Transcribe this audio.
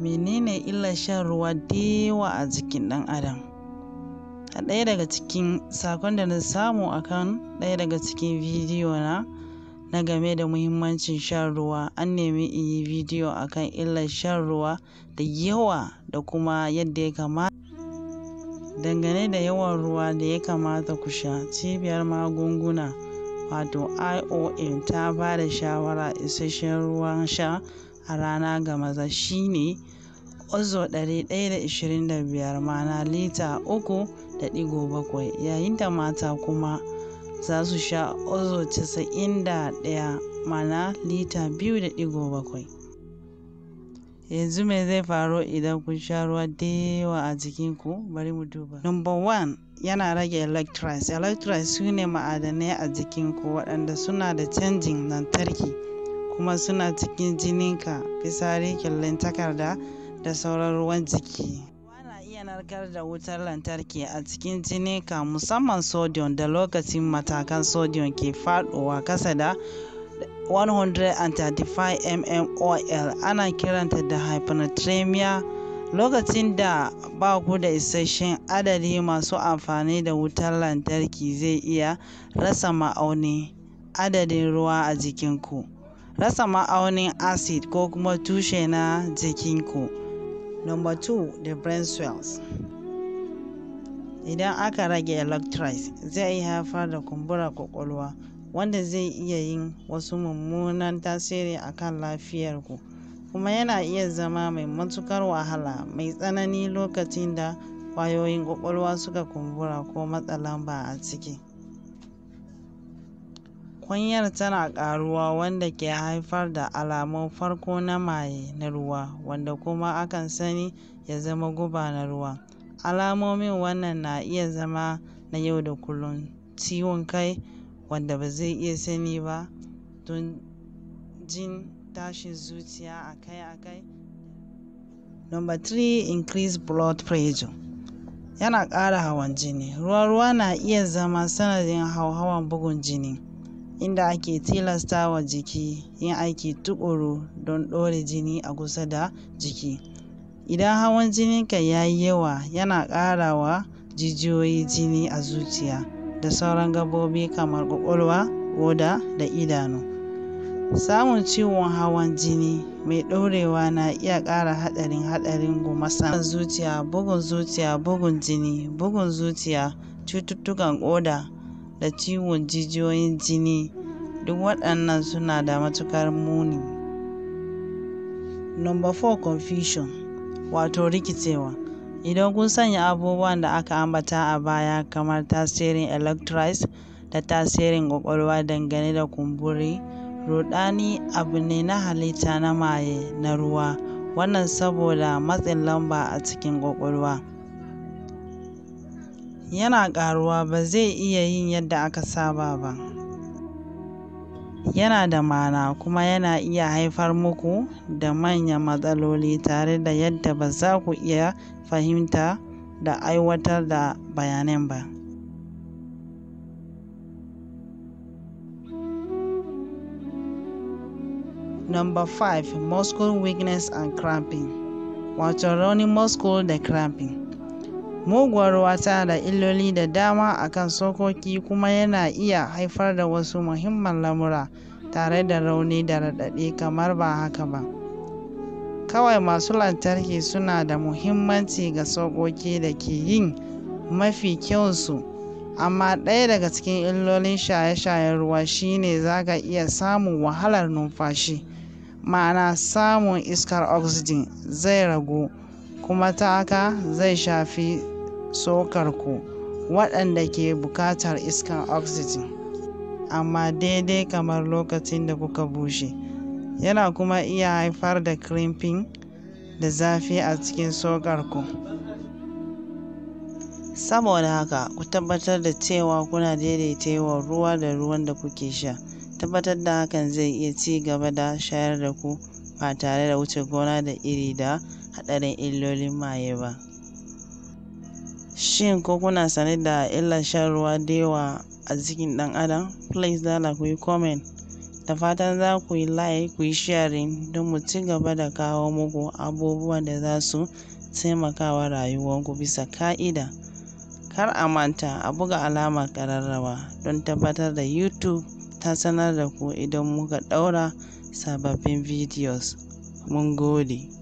menene illar shan ruwa dewa a jikin ɗan adam a ɗaya daga cikin sakon da na samu akan ɗaya daga cikin bidiyo na na game da muhimmancin shan ruwa an nemi in yi bidiyo akan illar shan ruwa da yawa da kuma yadda ya kamata dangane da yawan ruwa da ya kamata ku sha cibiyar magunguna wato iom ta ba da shawara isasshen ruwan sha a rana ga maza shine ozo 125 mana lita 3.7 yayin da mata kuma za su sha ozo 91 mana lita 2.7 yanzu mai zai faru idan kun sha ruwa da yawa a jikinku bari mu duba number one yana rage electrolytes electrolytes su ne ma'adanai a jikinku waɗanda suna da canjin lantarki kuma suna cikin jininka Fisari, kyallin takarda da sauran ruwan jiki ana iya narkar da wutar lantarki a cikin jininka musamman sodium da lokacin matakan sodium ke faɗowa kasa da 135 mmol ana kiranta da hypernatremia lokacin da ba ku da isasshen adadi masu amfani da wutar lantarki zai iya rasa ma'auni adadin ruwa a jikinku rasa ma'aunin acid ko kuma tushe na jikinku number 2 the brain swells idan aka rage electrolytes zai iya haifar da kumbura kwakwalwa wanda zai iya yin wasu mummunan tasiri a akan lafiyarku kuma yana iya zama mai matukar wahala mai tsanani lokacin da kwayoyin kwakwalwa suka kumbura ko matsa ba a ciki Kunyar tana ƙaruwa, wanda ke haifar da alamun farko na maye na ruwa wanda kuma akan sani ya zama guba na ruwa. Alamomin wannan na iya zama na yau da kullum ciwon kai wanda ba zai iya sani ba, don jin tashin zuciya akai-akai. Number three, increased blood pressure. Yana ƙara hawan jini. Ruwa-ruwa na iya zama sanadin hauhawan bugun jini. inda ake tilasta wa jiki yin aiki tuƙuru don ɗore jini a kusa da jiki. Idan hawan jininka ya yi yawa, yana ƙara wa jijiyoyi jini a zuciya da sauran gabobi kamar ƙwaƙwalwa, ƙoda da idanu. Samun ciwon hawan jini mai ɗorewa na iya ƙara haɗarin haɗarin gumasa zuciya, bugun zuciya, bugun jini, bugun zuciya, cututtukan ƙoda. da ciwon jijiyoyin jini duk waɗannan suna da matukar muni number 4 confusion wato rikicewa idan kun sanya abubuwan da aka ambata a baya kamar tasirin electrolytes da tasirin ƙwaƙwalwa dangane da kumburi rudani abu ne na halitta na maye na ruwa wannan saboda matsin lamba a cikin ƙwaƙwalwa yana ƙaruwa ba zai iya yin yadda aka saba ba yana da ma'ana kuma yana iya haifar muku da manyan matsaloli tare da yadda ba za ku iya fahimta da aiwatar da bayanan ba Number 5 Muscle Weakness and Cramping Wato raunin muscle da cramping muguwar ruwa tana da illoli da dama a kan sokoki kuma yana iya haifar da wasu muhimman lamura tare da rauni da raɗaɗi kamar ba haka ba kawai masu lantarki suna da muhimmanci ga sokoki da ke yin mafi su, amma ɗaya daga cikin illolin shaye-shayen ruwa shine za ka iya samun wahalar numfashi ma'ana samun iskar oxygen zai ragu kuma ta haka zai shafi ku waɗanda ke buƙatar iskar oxygen amma daidai kamar lokacin da kuka bushe yana kuma iya haifar da crimping da zafi a cikin ku saboda haka ku tabbatar da cewa kuna daidaitewa ruwa da ruwan da kuke sha tabbatar da hakan zai iya ci gaba da shayar da ku ba tare da wuce gona da iri da haɗarin illolin maye ba Shin ko kuna sane da illa shan ruwa da yawa a cikin ɗan adam? Please dala ku yi comment. Da fatan za ku yi like, ku yi sharing don mu ci gaba da kawo muku abubuwan da za su taimakawa rayuwanku bisa ka'ida. Kar a manta a buga alama kararrawa don tabbatar da YouTube ta sanar da ku idan muka ɗaura sababbin videos. Mun gode.